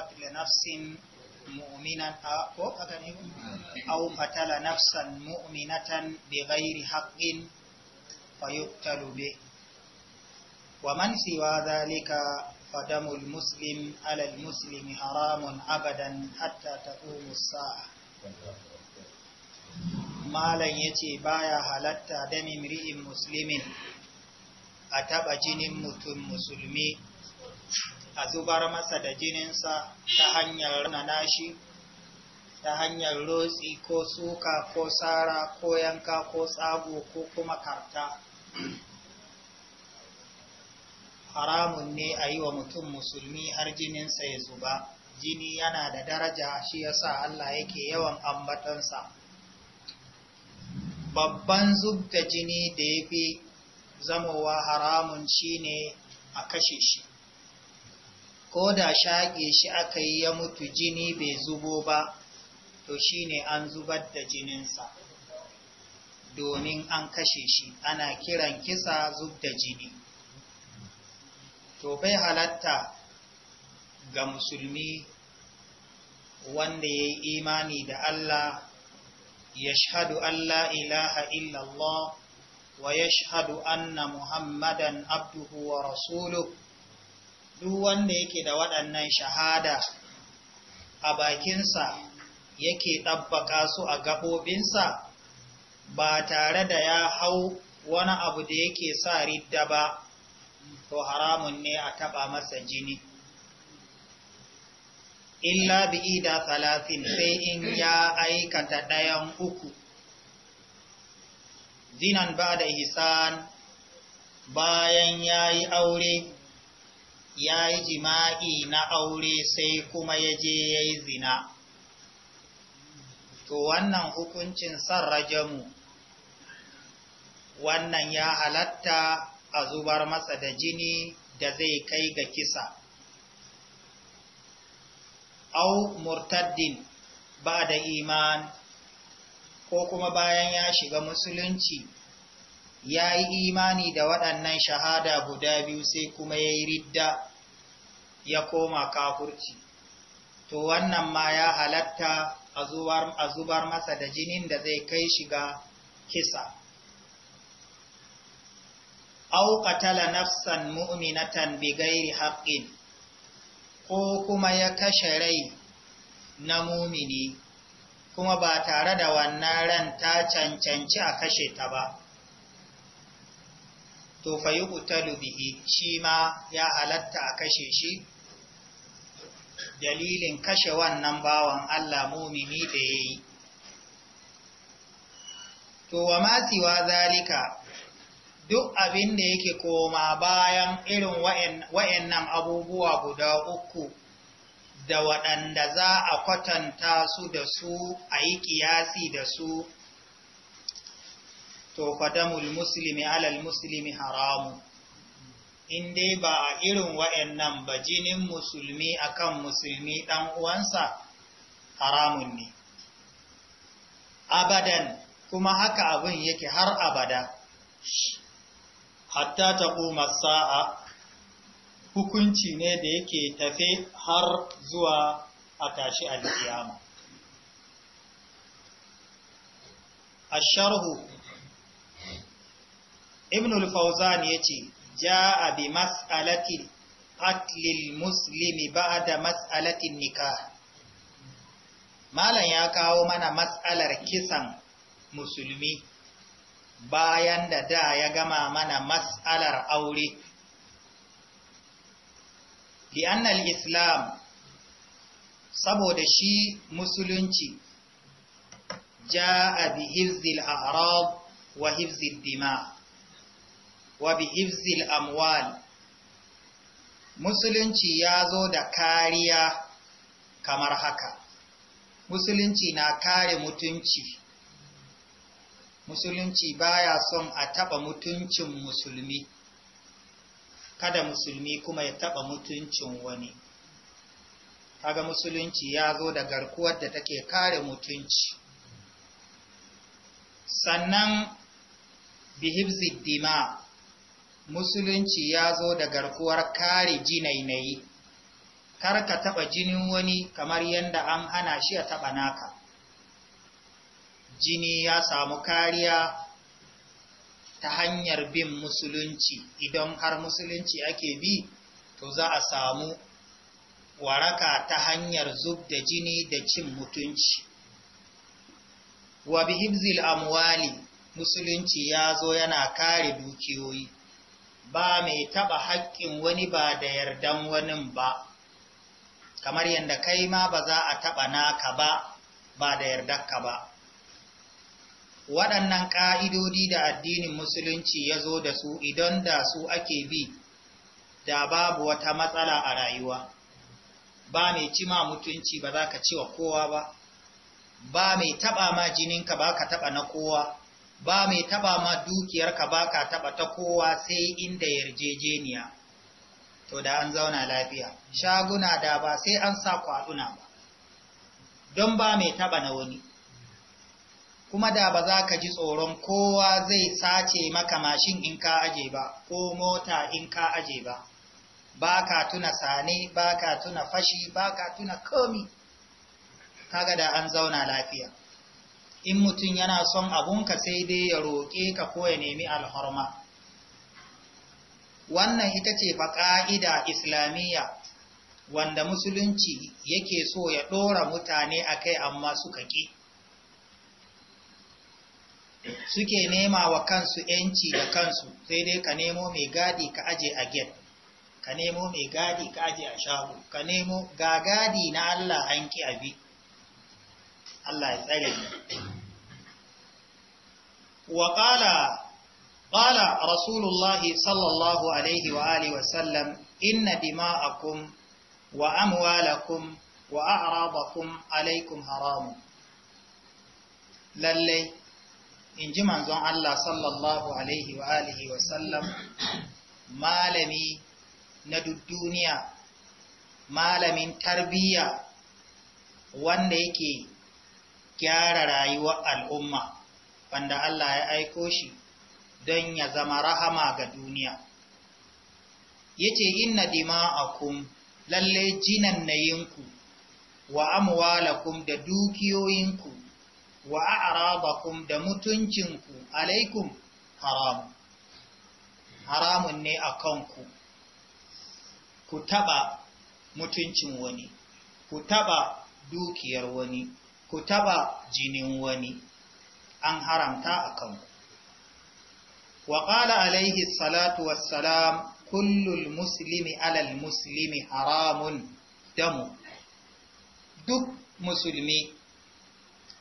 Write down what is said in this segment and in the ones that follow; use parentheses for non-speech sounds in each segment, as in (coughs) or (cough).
qatla nafsin mu'minan ko agane ko aw qatala nafsan mu'minatan bi ghairi haqqin wa man siwa dhalika fadamu almuslim haramun abadan hatta taqumu as-sa'a malan yace baya halatta dami mri'in muslimin taɓa jinin mutum musulmi a zubar masa da jininsa ta hanyar ranana shi ta hanyar rotsi ko suka ko tsara ko yanka ko tsago ko kuma karta haramun ne a yi wa mutum musulmi har jininsa ya zuba jini yana da daraja shi yasa Allah yake yawan ambatansa babban zub jini da ya fi zamowa haramun shi ne a kashe shi ko da shaƙe shi aka yi ya mutu jini bai zubo ba to shi ne an zubar da jininsa domin an kashe shi ana kiran kisa zub da jini to bai halatta ga musulmi wanda ya yi imani da Allah ya shahadu Allah ilaha illallah wa ya shahadu anna muhammadan abduhu wa rasuluhu duk wanda yake da waɗannan shahada a bakinsa yake ɗabbaƙa su a gaɓoɓinsa ba tare da ya hau wani abu da yake sa ridda ba to haramun ne a taɓa masa jini illa bi'ida talatin sai in ya aikata ɗayan uku zinan ba da hisan bayan ya yi aure ya yi jima'i na aure sai kuma ya je ya yi zina to wannan hukuncin san rajamu wannan ya halatta a zubar masa da jini da zai kai ga kisa au murtaddin ba da iman ko kuma bayan ya shiga musulunci ya yi imani da waɗannan shahada guda biyu sai kuma ya yi ridda ya koma kafurci to wannan ma ya halatta a zubar masa da jinin da zai kai shi ga kisa au qatala nafsan mu'minatan bighairi haqqin ko kuma ya kashe rai na mumini kuma ba tare da wannan ran ta cancanci a kashe ta ba to fa yuqtalu bihi shi ma ya halatta a kashe shi dalilin kashe wannan bawan Allah mumini da ya yi. to wa ma Wa zalika duk abin da yake koma bayan irin wa'annan abubuwa guda uku da waɗanda za a kwatanta su da su a yi kiyasi da su to fadamul muslimi alal muslimi haramu in dai ba a irin wa'annan ba jinin musulmi akan musulmi dan uwansa haramun ne abadan kuma haka abin yake har abada hatta ta sa'a hukunci ne da yake tafe har zuwa a tashi alkiyama. Asharhu ibn al-fawzan yace jaa bi mas'alati atlil muslimi ba'da mas'alatin nikah malam ya kawo mana mas'alar kisan musulmi bayan da da ya gama mana mas'alar aure li'annal islam saboda shi musulunci ja'a bi hifzil a'rab wa hifzid dima' wa bi hifzil amwal musulunci ya zo da kariya kamar haka musulunci na kare mutunci musulunci baya son a taba mutuncin musulmi kada musulmi kuma ya taba mutuncin wani kaga musulunci ya zo da garkuwar da take kare mutunci sannan bihibzid dima musulunci ya zo da garkuwar kare jinainayi kar ka taɓa jinin wani kamar yadda an hana shi a taɓa naka jini ya samu kariya ta hanyar bin musulunci idan har musulunci ake bi to za a samu waraka ta hanyar zub da jini da cin mutunci wa bi amwali musulunci ya zo yana kare dukiyoyi ba mai taɓa haƙƙin wani ba da yardan wani ba, kamar yadda kai ma ba za a taba naka ba ba da yardarka ba. Waɗannan ƙa'idodi da addinin Musulunci ya zo da su idan da su ake bi, da babu wata matsala a rayuwa, ba mai cima mutunci ba za ka ci wa kowa ba, ba mai taɓa ma jininka ba ka taba na kowa. ba mai taba ma dukiyarka ba ka taba ta kowa sai inda yarjejeniya to da an zauna lafiya shaguna da ba sai an sa kwaduna ba don ba mai taba na wani kuma da ba za ka ji tsoron kowa zai sace maka mashin in ka aje ba ko mota in ka aje ba ba ka tuna sane ba ka tuna fashi ba ka tuna komi kaga da an zauna lafiya in mutum yana son abunka sai dai ya roƙe ka ko ya nemi alhorma wannan ita ce fa ƙa'ida islamiyya wanda musulunci yake so ya ɗora mutane a kai amma suka ƙi suke nema wa kansu ‘yanci da kansu sai dai ka nemo mai gadi ka aje a get ka nemo mai gadi ka aje a shago ka nemo ga gadi na Allah an ƙi abi Allah ya tsare wa qala qala rasulullahi sallallahu alaihi wa alihi wa sallam inna dima'akum wa amwalakum wa a'radakum alaikum haram lalle ji manzon Allah sallallahu alaihi wa alihi wa sallam malami na duk duniya malamin tarbiyya wanda yake gyara rayuwar al'umma wanda Allah ya aiko shi don ya zama rahama ga duniya. Ya Yace inna kun lalle jinannayinku wa amwalakum da dukiyoyinku wa a'radakum da mutuncinku alaikum haramu. Haramun ne a kanku, ku taɓa mutuncin wani, ku taɓa dukiyar wani. ku taba jinin wani an haramta a kanku wa qala alaihi salatu wassalam kullul muslimi alal muslimi haramun damu duk musulmi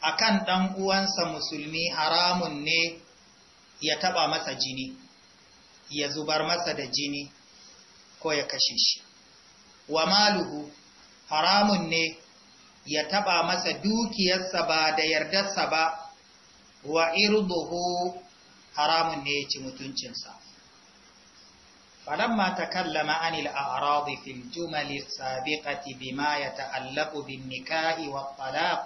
akan ɗan uwansa musulmi haramun ne ya taɓa masa jini ya zubar masa da jini ko ya kashe shi wa maluhu haramun ne ya taba masa dukiyarsa ba da yardarsa ba wa irduhu haramun ne ya ci mutuncinsa فلما تكلم عن الأعراض في الجمل السابقة بما يتعلق بالنكاح والطلاق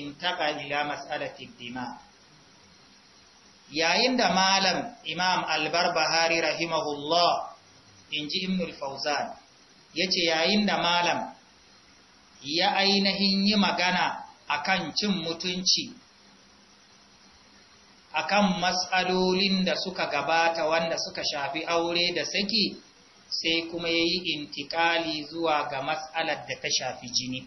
انتقل إلى مسألة الدماء yayin da malam imam albarbahari rahimahullah in ji ibnul fauzan ya ce da malam ya ainihin yi magana a kan cin mutunci a kan matsalolin da suka gabata wanda suka shafi aure da saki sai kuma ya yi intikali zuwa ga matsalar da ta shafi jini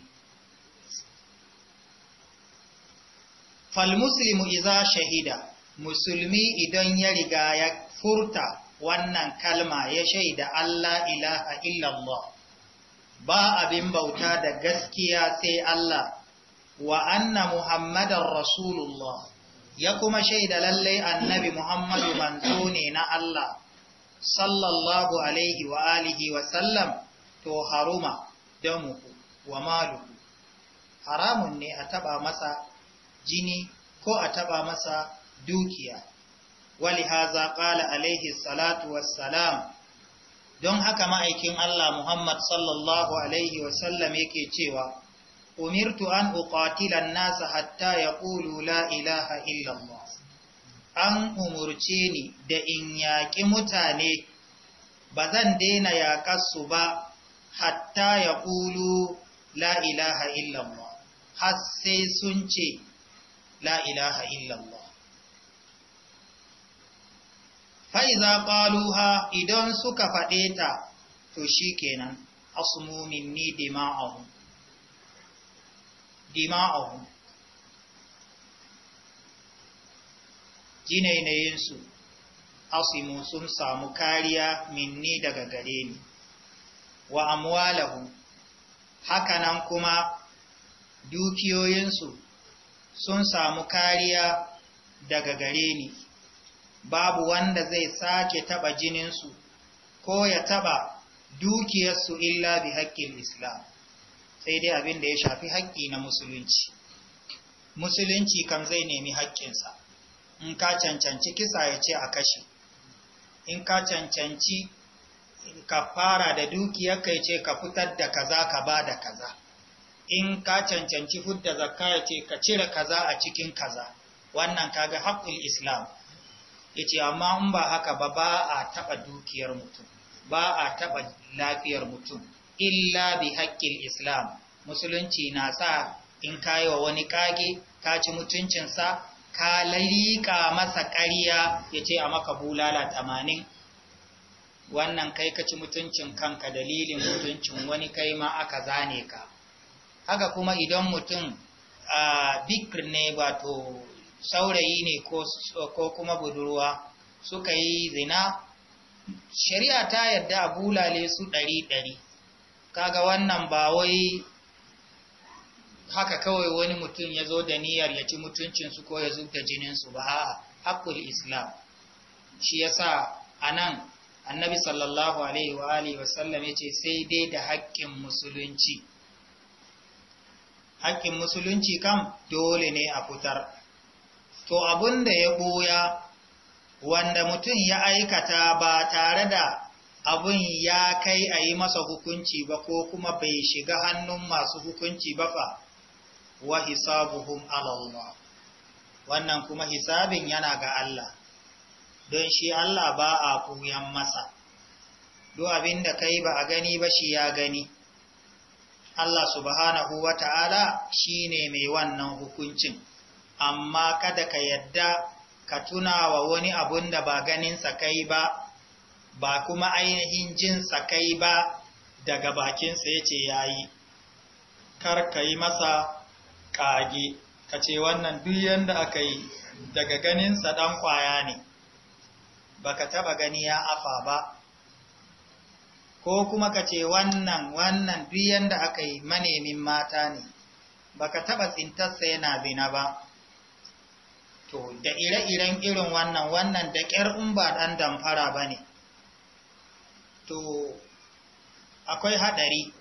falmuslimu iza shahida musulmi idan ya riga ya furta wannan kalma ya shaida Allah ilaha illallah ba abin bauta da gaskiya sai Allah wa anna muhammadar rasulullah ya kuma shaida lallai annabi muhammadu manzo ne na Allah sallallahu alaihi wa alihi wa sallam to haruma damuhu wa maluhu haramun ne a taba masa jini ko a taba masa dukiya wali haza qala alaihi salatu wassalam don haka ma'aikin Allah Muhammad sallallahu alaihi wasallam yake cewa umirtu an uqatila nasa hatta ya la ilaha illa an umurce ni da in yaƙi mutane ba zan daina yaƙarsu ba hatta ya ƙulu la illallah har sai sun ce la ilaha illallah fa'iza ƙaluha idan suka faɗe ta to shi kenan asumumin ni hun. dima'ahun jinainayinsu asimu sun samu kariya minni daga gare ni wa amwalahum hakanan kuma dukiyoyinsu sun samu kariya daga gare ni babu wanda zai sake taba jininsu ko ya taba dukiyarsu illa bi haƙƙin islam sai dai abin da ya shafi haƙƙi na musulunci musulunci kan zai nemi haƙƙinsa in ka cancanci kisa ya ce a kashe in ka cancanci ka fara da dukiyarka ya ce ka fitar da kaza ka ba da kaza in ka cancanci fudda zakka ya ce ka cire kaza a cikin kaza wannan kaga haƙƙin islam yace amma in ba haka ba ba a taba dukiyar mutum ba a taba lafiyar mutum illa bi haqqil islam musulunci na sa in kayi wa wani kage ka ci mutuncin sa ka lalika masa ƙarya yace a maka bulala tamanin, wannan kai ka ci mutuncin kanka dalilin mutuncin wani kai ma aka zane ka haka kuma idan mutum a ah, bikr ne wato saurayi ne ko kuma budurwa suka yi zina shari'a ta yadda a bulale su ɗari-ɗari kaga wannan ba wai haka kawai wani mutum ya zo da niyyar ya ci mutuncinsu ko ya zuta jininsu ba a haƙul islam shi ya sa a nan annabi sallallahu alaihi wa alihi wasallam ya ce sai dai da haƙƙin musulunci haƙƙin musulunci kam dole ne a fitar to abun da ya ɓoya wanda mutum ya aikata ba tare da abun ya kai a yi masa hukunci ba ko kuma bai shiga hannun masu hukunci ba fa wa hisabuhum Allah wannan kuma hisabin yana ga Allah don shi Allah ba a koyan masa duk abin da kai ba a gani ba shi ya gani Allah subhanahu wa ta'ala shi ne mai wannan hukuncin. amma kada ka yadda ka tuna wa wani abun da ba ganinsa kai ba ba kuma ainihin jinsa kai ba daga bakinsa ya ce ya yi kar ka yi masa ƙage ka ce wannan duk yadda aka yi daga ganinsa ɗan ƙwaya ne ba ka taɓa gani ya afa ba ko kuma ka ce wannan wannan duk yadda aka yi manemin mata ne ba ka taɓa tsintarsa yana zina ba to da ire-iren irin wannan wannan da ƙyar in ba ɗan damfara ba ne to akwai haɗari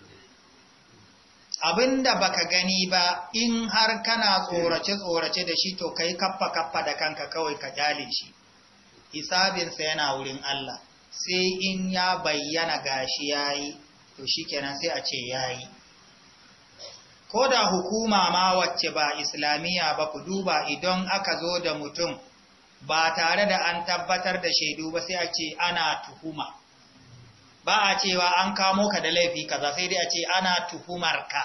abinda baka gani ba in har kana tsorace-tsorace da shi to kai kaffa-kaffa da kanka kawai ka jale shi hisabinsa yana wurin Allah sai in ya bayyana gashi yayi to shi kenan sai a ce yayi ko da hukuma ma wacce ba islamiyya ba ku duba idan aka zo da mutum ba tare da an tabbatar da shaidu ba sai a ce ana tuhuma ba a cewa an kamo ka da laifi kaza sai dai a ce ana tuhumar ka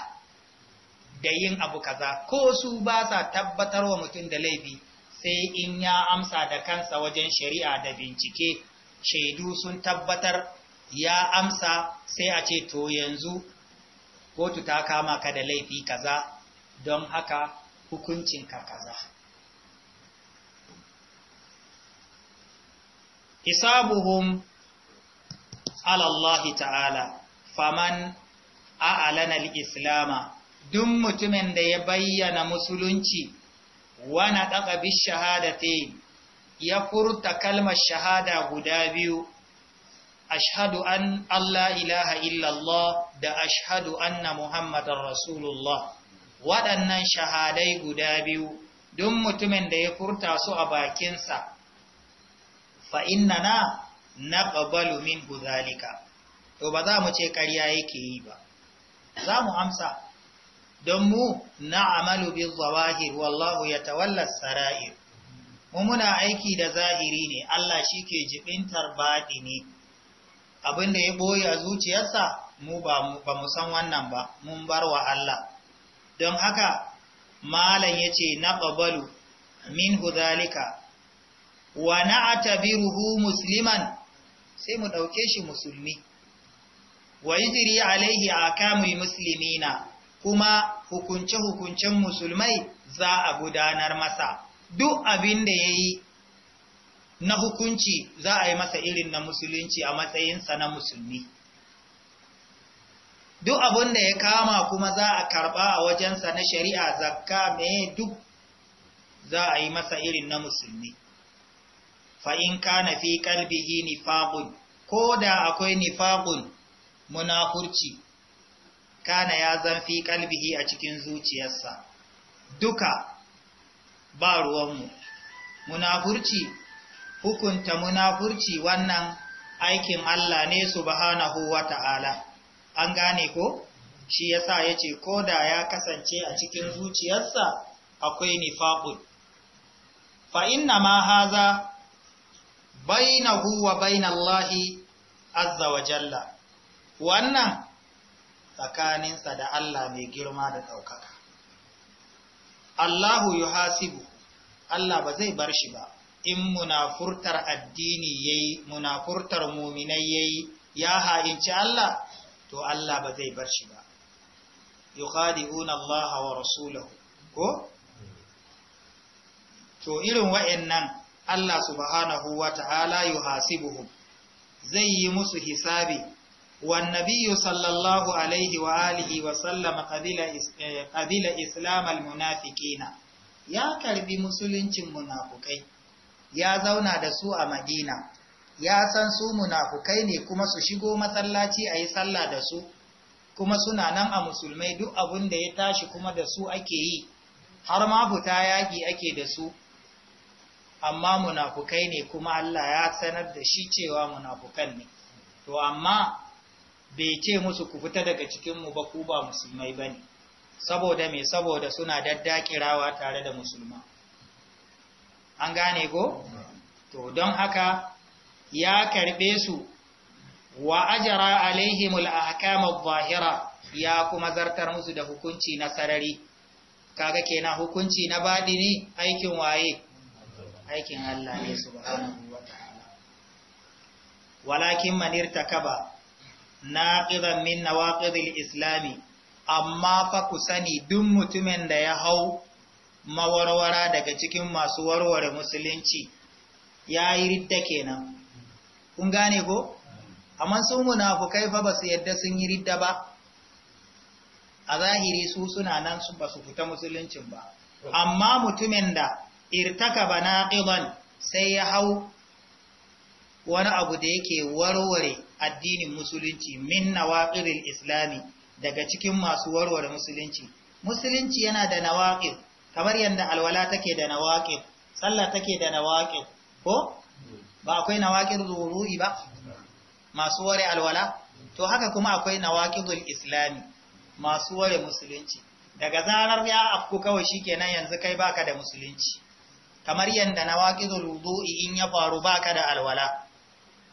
da yin abu kaza ko su ba sa tabbatar wa mutum da laifi sai in ya amsa da kansa wajen shari'a da bincike shaidu sun tabbatar ya amsa sai a ce to yanzu kotu ta kama ka da laifi kaza don haka hukuncinka kaza hisabuhum ala ta'ala faman a'lana islama duk mutumin da ya bayyana musulunci wana na daga bi ya furta kalmar shahada guda biyu ashhadu an Allah ilaha illallah da ashhadu anna muhammadar rasulullah waɗannan shahadai guda biyu don mutumin da ya furta su a bakinsa fa inna na naqbalu min zalika to ba za mu ce ƙarya yake yi ba za mu amsa don mu na'amalu bil zawahir wallahu yatawalla sarair mu muna aiki da zahiri ne Allah shi ke jibintar ne. abinda ya ɓoye a zuciyarsa mu ba mu san wannan ba mun bar wa Allah don haka malam yace ce na babalu, min hudalika wa na'tabiruhu atabiruhu musliman sai mu ɗauke shi musulmi wa yujri alaihi akamu muslimina kuma hukunce-hukuncen musulmai za a gudanar masa duk abin da yayi na hukunci za a yi masa irin na musulunci a matsayinsa na musulmi duk abin da ya kama kuma za a karba a wajensa na shari'a zakka mai duk za a yi masa irin na musulmi fa'in ka na fi kalbihi nifaƙun ko da akwai nifaƙun munafurci kana ya zan fi kalbihi a cikin zuciyarsa duka ba ruwanmu munafurci hukunta munafurci wannan aikin Allah ne subhanahu wa ta'ala an gane ko shi yasa yace ko da ya kasance a cikin zuciyarsa akwai nifaqun fa inna ma haza bainahu wa bainallahi azza wa jalla wannan tsakaninsa da Allah mai girma da ɗaukaka. Allahu yuhasibu Allah ba zai bar shi ba, in munafurtar addini yayi munafurtar muminai yayi ya ha'inci Allah, to Allah ba zai bar shi ba yukhadi'una Allah wa rasulahu ko to irin wa'annan Allah subhanahu wa ta'ala yuhasibuhum zai yi musu hisabi wan nabiyyu sallallahu alaihi wa alihi wa qabila eh, qabila islam al munafiqina ya karbi musuluncin munafukai ya zauna da su a madina ya san su munafukai ne kuma su shigo masallaci a yi sallah da su kuma suna nan a musulmai duk abin da ya tashi kuma da su ake yi har ma fita yaƙi ake da su amma munafukai ne kuma Allah ya sanar da shi cewa munafukan ne to amma bai ce musu ku fita daga cikinmu ba ku ba musulmai ba ne saboda mai saboda suna daddakirawa tare da musulma an gane go? Mm. to don haka ya karbe su wa ajara alaihimul ahkamul zahira ya kuma zartar musu da hukunci na sarari kaga kenan hukunci na ne aikin waye aikin Allah ne subhanahu wataala walakin man irtakaba naqidan min nawaqidil islami amma fa ku sani duk mutumin da ya hau mawarwara daga cikin masu warware musulunci ya yi ridda kenan kun gane ko amma su munafukai fa ba su yadda sun yi ridda ba a zahiri su suna nan su ba su fita musuluncin ba amma mutumin da irtaka ba ƙiban, sai ya hau wani abu da yake warware addinin musulunci min nawaqiril islami daga cikin masu warware musulunci musulunci yana da nawaqir kamar yadda alwala take da nawaqir sallah take da nawaƙir ko ba akwai nawaqidul wudu'i ba masu ware alwala to haka kuma akwai nawaqidul islami masu ware musulunci daga zarar ya afku kawai shikenan yanzu kai baka da musulunci kamar yanda nawaqidul wudu'i in ya faru baka da alwala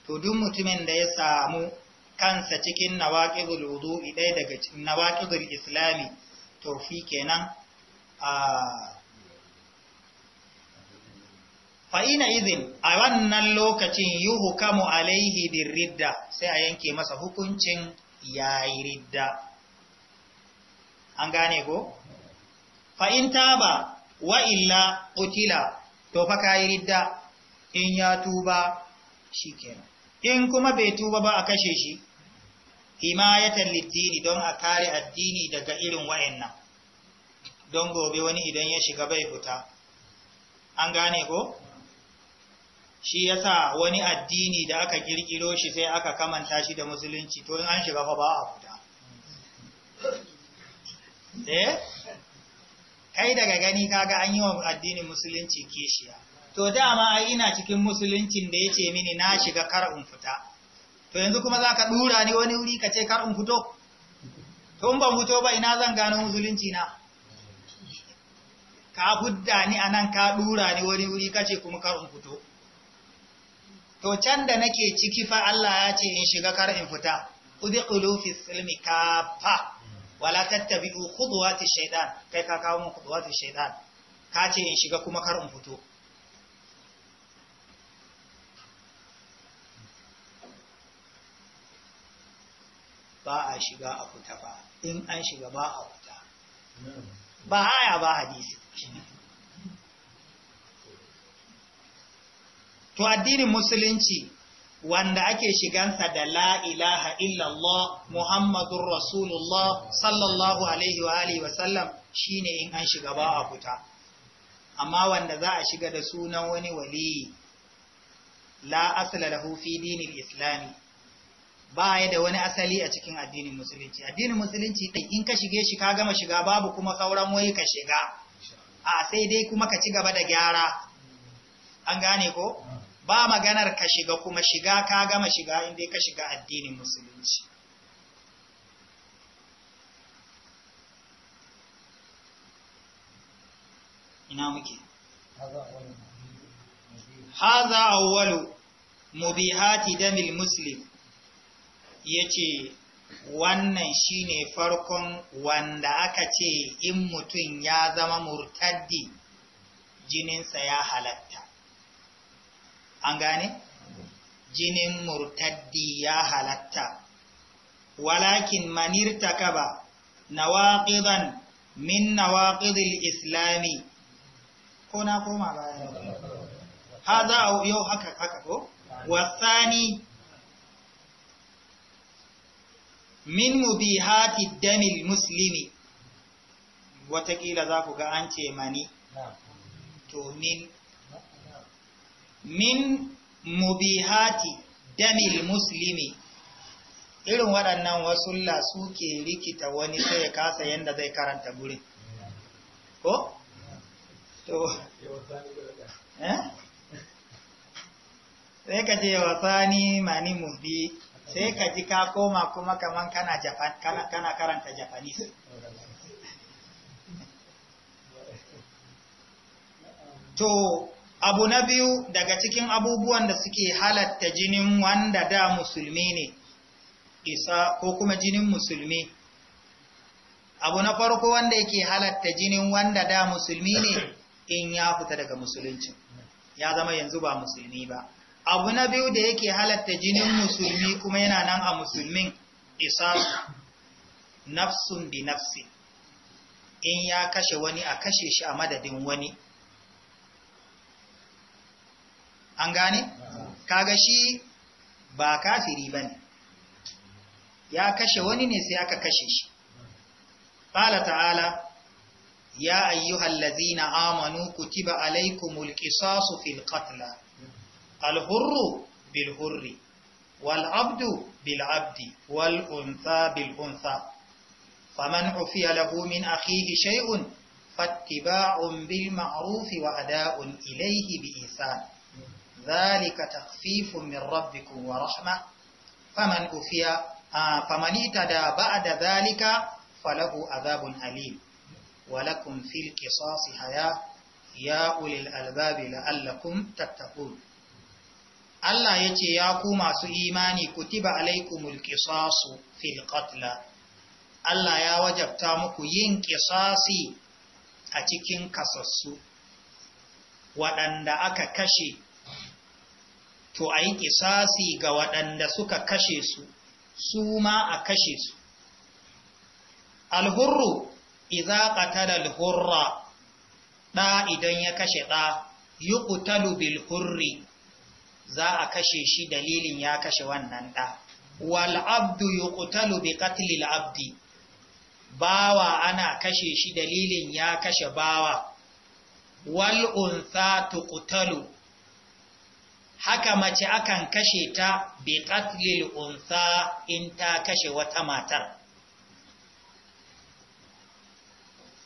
to duk mutumin da ya samu kansa cikin nawaqidul wudu'i ɗaya daga cikin nawaqidul islami to fi kenan a ah, fa'ina izin a wannan lokacin yi hukamu alaihi bin ridda sai a yanke masa hukuncin yayi ridda an gane ko? fa'in ba wa illa ƙutila to fa ka yi ridda in ya tuba shi in kuma bai tuba ba a kashe shi himayatan littini don a kare addini daga irin wayannan, don gobe wani idan ya shiga bai fita an gane ko? shi yasa wani addini da aka kirkiro shi sai aka kamanta shi da musulunci to in an shiga fa ba a fita eh kai daga gani kaga an yi wa addinin musulunci kishiya to dama ai ina cikin musuluncin da yace mini na shiga kar in fita to yanzu kuma zaka dura ni wani wuri kace kar in fito to in ban fito ba ina zan gano musulunci na ka hudda ni anan ka dura ni wani wuri kace kuma kar in fito to can da nake ciki fa Allah ya ce in shiga kar in fita udkhulu fi silmi kafa wala tattabi'u khutuwati shaidan, kai ka kawo mun khutuwati shaidan, ka ce in shiga kuma kar in fito ba a shiga a fita ba in an shiga ba a fita ba haya ba hadisi to addinin musulunci wanda ake shigansa da la ilaha illallah muhammadun rasulullah sallallahu alaihi wa alihi wasallam shine in an shiga ba a fita amma wanda za a shiga da sunan wani wali la asala lahu fi dinil islami ba ya da wani asali a cikin addinin musulunci addinin musulunci in ka shige shi ka gama shiga babu kuma sauran wai ka shiga a sai dai kuma ka ci gaba da gyara an gane ko ba maganar ka shiga kuma shiga ka gama shiga inda ka shiga addinin musulunci ina muke haza awwalu mubihati damil muslim yace wannan shine farkon wanda aka ce in mutum ya zama murtaddi jininsa ya halatta an gane jinin murtaddi ya halatta walakin manirtaka ba nawaqidan min nawaqidil islami ko na koma baya hada yau haka haka ko wasani min mubihati damil muslimi watakila za ku ga an ce mani to min min mubihati damil muslimi irin waɗannan wasu lasu ke rikita wani sai ya kasa yadda zai karanta gurin ko? to eh? sai ka je wasani mani mubi sai ka ji ka koma kuma kamar kana, kana karanta japanese to abu na biyu daga cikin abubuwan da suke halatta jinin wanda da musulmi ne isa ko kuma jinin musulmi abu na farko wanda yake halatta jinin wanda da musulmi ne (coughs) in ya fita daga musulunci ya zama yanzu ba musulmi ba abu na biyu da yake halatta jinin musulmi kuma yana nan a musulmin isasu nafsun bi nafsi in ya kashe wani a kashe shi a madadin wani an gane kaga shi ba kafiri bane ya kashe wani ne sai aka kashe shi qala ta'ala ya ayyuhal ladzina amanu kutiba alaykumul qisasu fil qatl al hurru bil hurri wal abdu bil abdi wal untha bil untha faman ufiya lahu min akhihi shay'un fattiba'un bil ma'ruf wa ada'un ilayhi bi ihsan zalika takfifu min rabbikum wa rahma faman ufiya da, itada ba'da zalika falahu azabun alim wa lakum fil qisasi haya ya ulil albabi la'allakum tattaqun Allah ya ce ya ku masu imani kutiba alaikumul qisasu fil qatla Allah ya wajabta muku yin qisasi a cikin kasassu waɗanda aka kashe to a yi kisasi ga waɗanda suka kashe su su ma a kashe su alhurru iza qatala alhurra ɗa idan ya kashe ɗa yi bil hurri za a kashe shi dalilin ya kashe wannan ɗa Walabdu yi yuqtalu bi qatli abdi bawa ana kashe shi dalilin ya kashe bawa wal untha tuqtalu haka mace akan kashe ta bi qatlil unsa in ta kashe wata matar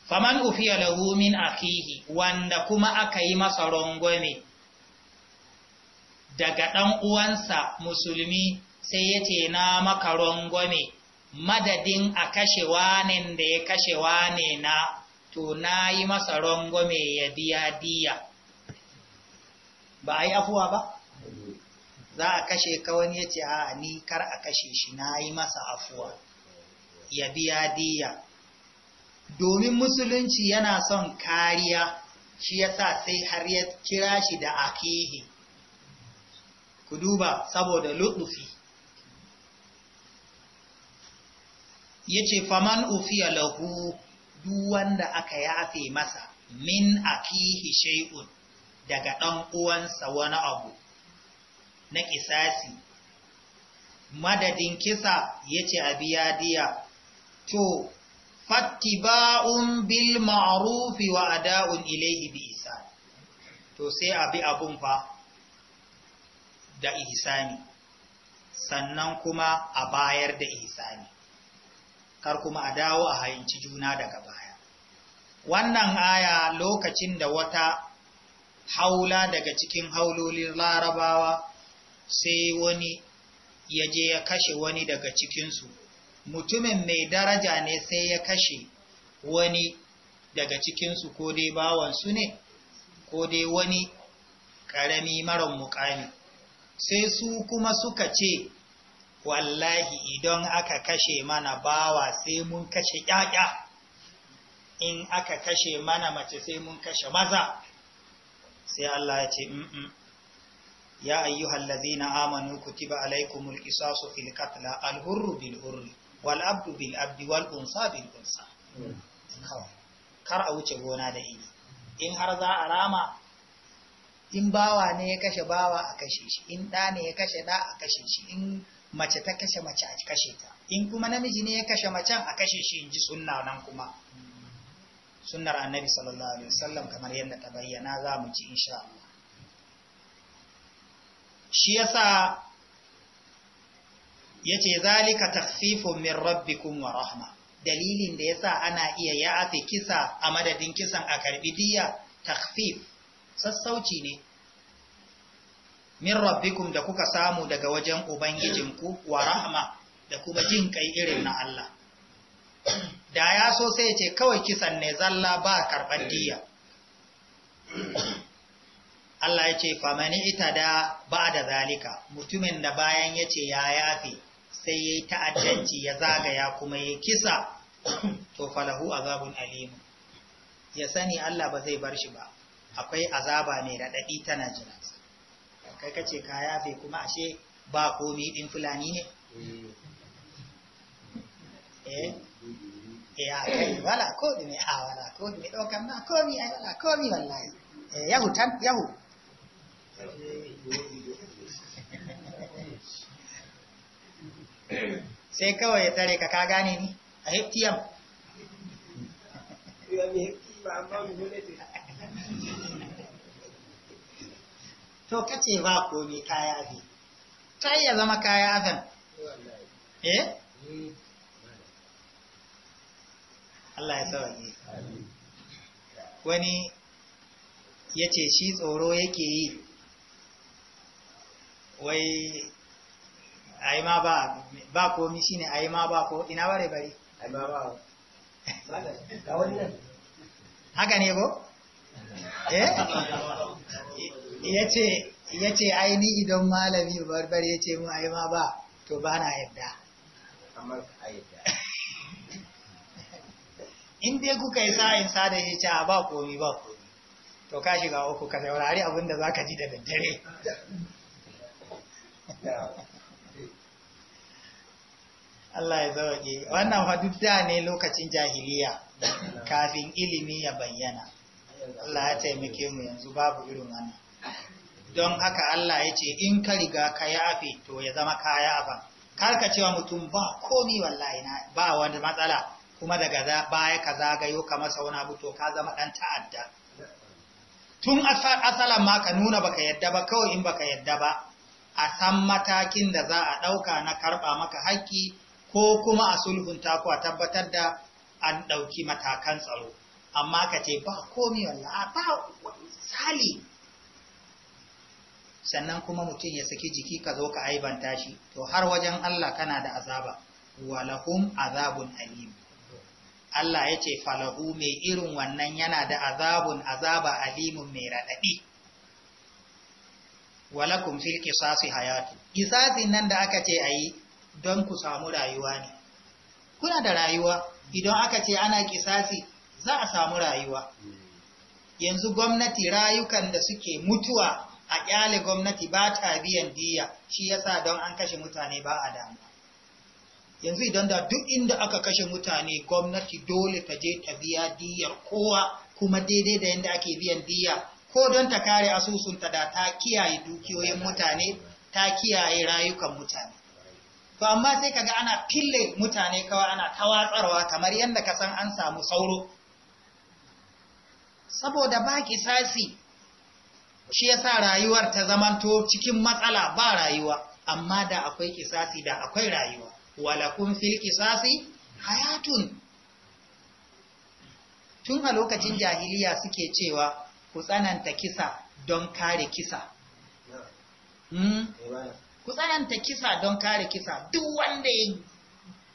faman ufiya lahu min akihi wanda kuma aka yi masa rangwame daga ɗan uwansa musulmi sai yace ce na maka rangwame madadin a kashe da ya kashe wane na to na yi masa rangwame ya biya diya ba a yi afuwa ba za a kashe ka wani ya ce a ni kar a kashe shi na yi masa afuwa ya biya diya domin musulunci yana son kariya shi ya sa sai har ya kira shi da akihi ku duba saboda lutufi ya ce faman ufiya lahu duk wanda aka yafe masa min akihi shai'un daga ɗan uwansa wani abu na kisasi madadin kisa yace ce a biya diya to fattiba'un bil ma'rufi wa ada'un ilaihi bi isan to sai a bi abun fa da ihsani sannan kuma a bayar da ihsani kar kuma a dawo a hayanci juna daga baya wannan aya lokacin da wata haula daga cikin haulolin larabawa sai wani ya je ya kashe wani daga cikinsu mutumin mai daraja ne sai ya kashe wani daga cikinsu ko dai bawansu ne ko dai wani ƙarami marar mukami sai su kuma suka ce wallahi idan aka kashe mana bawa sai mun kashe ƙyaƙya in aka kashe mana mace sai mun kashe maza sai Allah ya ce mm -mm. ya ayyuhal ladhina amanu kutiba alaykumul qisasu fil qatl al hurru bil hurri wal abdu bil abdi wal bil unsa kar a wuce gona da ini in har za a rama in bawa ne ya kashe bawa a kashe shi in ɗa ne ya kashe ɗa a kashe shi in mace ta kashe mace a kashe ta in kuma namiji ne ya kashe macen a kashe shi in ji sunna nan kuma sunnar annabi sallallahu alaihi wasallam kamar yadda ta bayyana za mu ci insha Allah shi yasa yace zalika takhfifun min rabbikum wa rahma dalilin da yasa ana iya ya'afe kisa a madadin kisan a karbi diya takhfif sassauci ne min rabbikum da kuka samu daga wajen ubangijinku wa rahma da kuma jin kai irin na Allah da ya so sai ce kawai kisan ne zalla ba karɓar diya Allah ya ce famani ita da ba da zalika mutumin da bayan ya ce ya yafe sai ya yi ta'addanci ya zagaya kuma ya kisa to falahu azabun alimu ya sani Allah ba zai bar shi ba akwai azaba mai raɗaɗi tana jinansa kai kace ka yafe kuma ashe ba komi ɗin fulani ne eh ya kai wala ko ne a wala ko ne ɗaukan ma komi ai wala komi wallahi eh, yahu tan yahu sai kawai ya tare ka ka gane ni a hektiyam to kace ba ko ne kaya ne ta ya zama kaya azan eh Allah ya sauke wani yace shi tsoro yake yi wai ai ma ba ba komi shine ai ma ba ko ina bare bare ai ba ga haka ne ko eh yace yace ai ni idan malami barbar yace mu ai ma ba to ba na yadda amma ai in dai kuka yi sa'in sa da shi cewa ba komi ba komi to ka shiga uku ka saurari abin da za ka ji da daddare Allah ya wannan fa ne lokacin jahiliya kafin ilimi ya bayyana Allah ya taimake mu yanzu babu irin wannan don haka Allah ya ce in ka riga ka yafe to ya zama kaya ba kar ka cewa mutum ba komi wallahi na ba wani matsala kuma daga baya ka zagayo ka masa wani abu to ka zama dan ta'adda tun asalan ma ka nuna baka yadda ba kawai in baka yadda ba a san matakin da za a ɗauka na karɓa maka haƙƙi ko kuma a sulhunta ko a tabbatar da an ɗauki matakan tsaro amma ka ce ba komi wallah ba sali sannan kuma mutum ya saki jiki ka zo ka aibanta shi to har wajen Allah kana da azaba walahum azabun alim Allah ya ce falahu mai irin wannan yana da azabun azaba alimun mai raɗaɗi walakum fil qisasi hayatu qisasin nan da aka ce ayi don ku samu rayuwa ne kuna da rayuwa idan aka ce ana kisasi za a samu rayuwa yanzu gwamnati rayukan da suke mutuwa a kyale gwamnati ba ta biyan diya shi yasa don an kashe mutane ba a damu yanzu idan da duk inda aka kashe mutane gwamnati dole ta je ta biya diyar kowa kuma daidai da yadda ake biyan diya ko don ta kare asusunta da ta kiyaye dukiyoyin mutane ta kiyaye rayukan mutane to amma sai kaga ana fille mutane kawai ana tawatsarwa kamar yadda ka san an samu sauro saboda ba kisasi shi yasa rayuwar ta zamanto cikin matsala ba rayuwa amma da akwai kisasi da akwai rayuwa walakun fil kisasi hayatun tun a lokacin jahiliya suke cewa ku tsananta kisa don kare kisa hmm? ku tsananta kisa don kare kisa duk wanda ya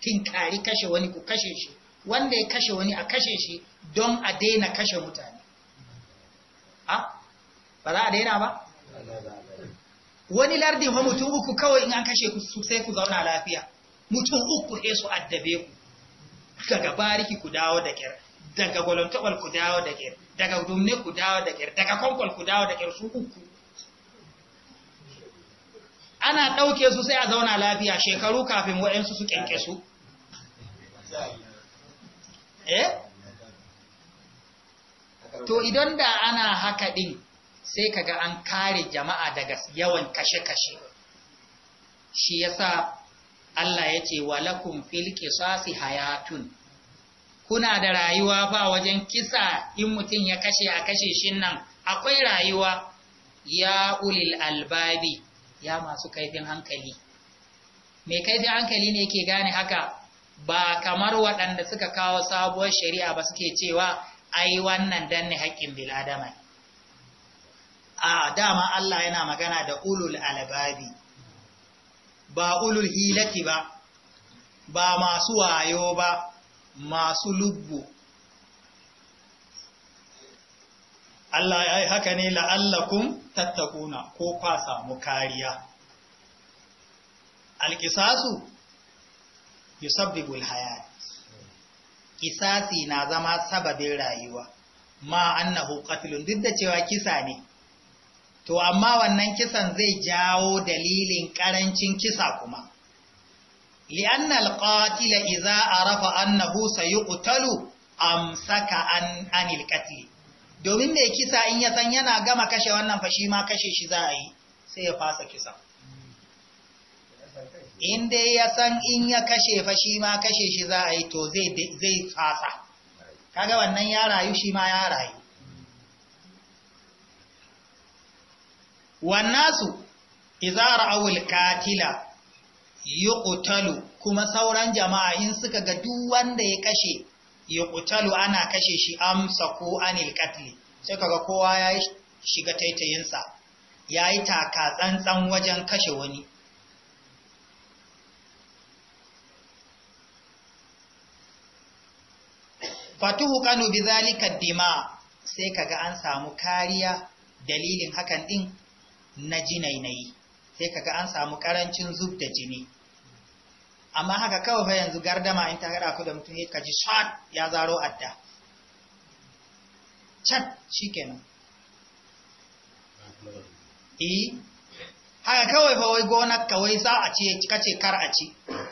kinkari kashe wani ku kashe shi wanda ya kashe wani a kashe shi don a daina kashe mutane a ba za a daina ba wani lardin wa mutum uku kawai in an kashe ku sai ku zauna lafiya mutum uku sai su addabe ku daga bariki ku dawo da kyar daga gwalantobal ku dawo da kyar daga dumne ku dawo da daga konkol ku dawo da kyar su uku ana ɗauke su sai a zauna lafiya shekaru kafin waɗansu su kenke su eh to idan da ana haka ɗin sai kaga an kare jama'a daga yawan kashe-kashe shi yasa Allah ya ce wa lakum fil qisasi hayatun kuna da rayuwa ba wajen kisa in mutum ya kashe a kashe shi nan akwai rayuwa ya ulil albabi ya masu kaifin hankali mai kaifin hankali ne ke gane haka ba kamar waɗanda suka kawo sabuwar shari'a ba suke cewa ai wannan danne haƙƙin bil'adama a dama Allah yana magana da ulul albabi ba ulul hilati ba ba masu wayo ba masu lubbu Allah ya yi haka ne la'allakun tattakuna ko kwa samu kariya alkisasu yusabbibul hayat kisasi na zama sababin rayuwa ma annahu qatlun duk da cewa kisa ne to amma wannan kisan zai jawo dalilin ƙarancin kisa kuma لأن القاتل إذا عرف أنه سيقتل أمسك عن عن القتل domin mai kisa in ya san yana gama kashe wannan fashi ma kashe shi za a yi sai ya fasa kisa in dai ya san in ya kashe fashi ma kashe shi za a yi to zai fasa kaga wannan ya rayu shi ma ya rayu wannasu izara awul katila otalo kuma sauran jama'a in suka ga duk wanda ya kashe otalo ana kashe shi amsa ko anil qatl sai kaga kowa ya shiga taitayinsa yayi taka tsantsan wajen kashe wani fatuhu bi zalika dima sai kaga an samu kariya dalilin hakan din na jinainai sai kaga an samu karancin zub da jini amma haka kawai fa yanzu gardama in ta haɗa ku da mutum ka ji shat ya zaro adda chat shi kenan. E, eh, haka kawai fa wai gonar ka wai za a ce kace kar a ce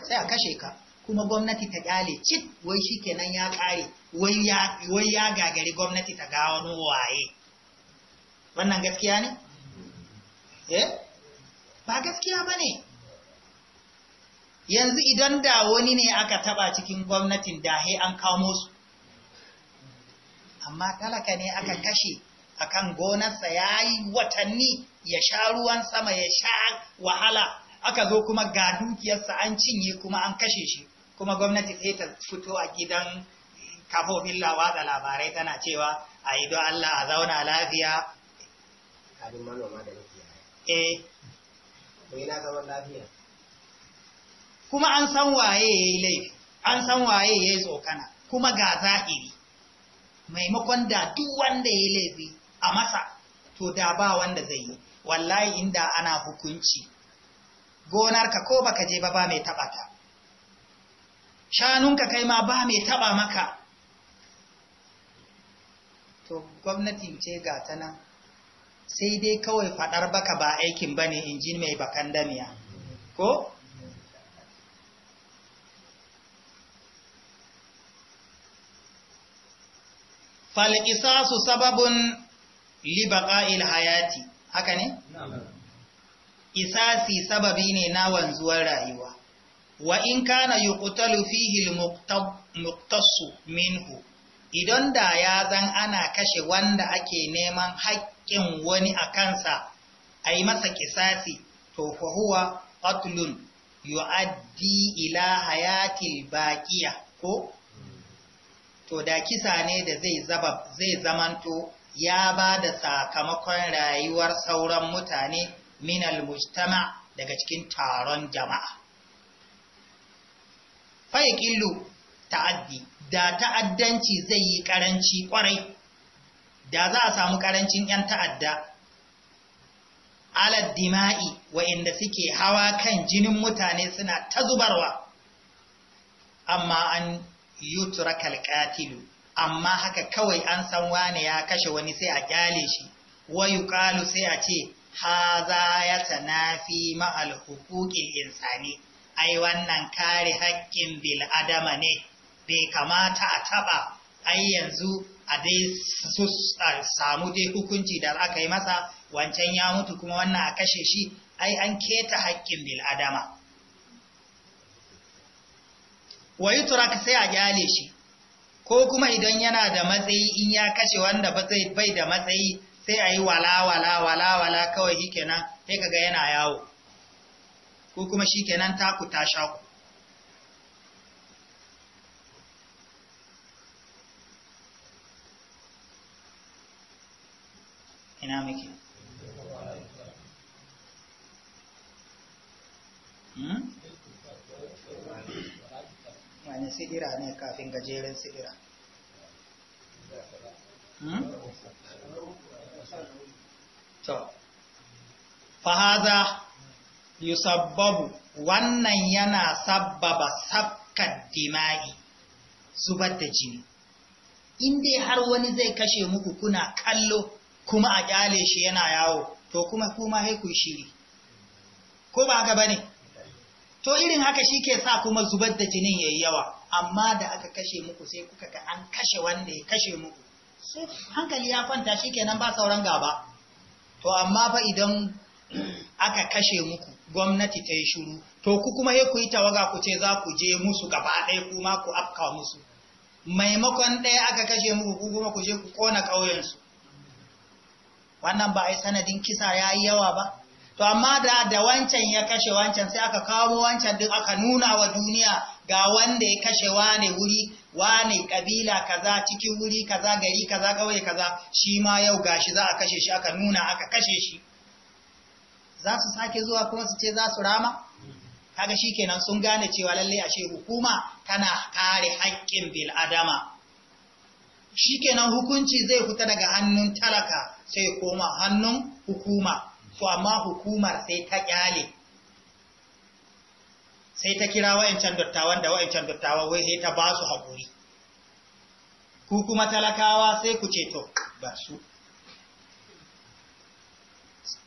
sai a kashe ka kuma gwamnati ta kyale cit wai shi kenan ya kare wai ya wai ya gagari gwamnati ta ga wani waye wannan gaskiya ne eh ba gaskiya bane yanzu idan da wani ne aka taba cikin gwamnatin da he an kamo su amma talaka ne aka eh. kashe akan gonarsa ya yi watanni ya sha ruwan sama ya sha wahala aka zo kuma ga dukiyarsa an cinye kuma an kashe shi kuma gwamnati sai ta fito a gidan kafofin watsa labarai tana cewa a yi don Allah a zauna lafiya. Eh. Mai na zaman lafiya. kuma an san waye ya yi laifi an san waye ya yi tsokana kuma ga zahiri maimakon da duk wanda ya yi laifi a masa to da ba wanda zai yi wallahi inda ana hukunci gonarka ko baka je ba ba mai taba ta shanunka kai ma ba mai taba maka to gwamnatin ce ga ta nan sai dai kawai fadar baka ba aikin bane injin mai bakan damiya ko falƙisasu sababin libaƙa'il hayati haka ne? isasi sababi ne na wanzuwar rayuwa wa in kana yuqtalu fihi al-muqtasu minhu idan da ya zan ana kashe wanda ake neman haƙƙin wani a kansa a masa ƙisasi, to fa huwa yu'addi ila hayati baƙiya ko to da kisa ne da zai zaba zai zamanto ya ba da sakamakon rayuwar sauran mutane minal mujtama daga cikin taron jama'a fa yaqillu ta'addi da ta'addanci zai yi karanci kwarai da za a samu karancin 'yan ta'adda alad dima'i wa'inda suke hawa kan jinin mutane suna ta zubarwa amma an yutrakal qatilu amma haka kawai an san wane ya kashe wani sai a kyale shi wa yuqalu sai a ce haza ya tanafi al huquqil insani ai wannan kare haƙƙin bil adama ne bai kamata a taba ai yanzu a dai samu dai hukunci da aka yi masa wancan ya mutu kuma wannan a kashe shi ai an keta haƙƙin bil adama wa yutrak sai a gyale shi ko kuma idan yana da matsayi in ya kashe wanda ba zai bai da matsayi sai a yi wala wala wala wala kawai shi kenan sai kaga yana yawo ko kuma shi taku ta shaku ina muke hmm? wani sidira ne kafin gajeren sidira hmm? to fahaza yusabbabu wannan yana sabbaba sabkar dima'i zubar da jini in dai har wani zai kashe muku kuna kallo kuma a kyale shi yana yawo to kuma kuma haiku shiri ko ba haka bane to irin haka shi ke sa kuma zubar da jinin ya yi yawa amma da aka kashe muku sai kuka ga an kashe wanda ya kashe muku sai hankali ya kwanta shi kenan ba sauran gaba to amma fa idan aka kashe muku gwamnati ta yi shuru to ku kuma ya ku yi tawaga ku ce za ku je musu gaba ɗaya kuma ku afka musu maimakon ɗaya aka kashe muku ku kuma ku je ku kona ƙauyensu wannan ba a yi sanadin kisa ya yi yawa ba to amma da da wancan ya kashe wancan sai aka kawo wancan duk aka nuna wa duniya ga wanda ya kashe wane wuri wane kabila kaza cikin wuri kaza gari kaza kauye kaza shi ma yau gashi za a kashe shi aka nuna aka kashe shi za su sake zuwa kuma su ce za su rama kaga shikenan sun gane cewa lalle ashe hukuma tana kare haƙƙin bil adama shikenan hukunci zai fita daga hannun talaka sai koma hannun hukuma To amma hukumar sai ta kyale sai ta kira wayancan dattawan da wa'ancan dattawan wai sai ta ba su haƙuri ku kuma talakawa sai ku ce to bar su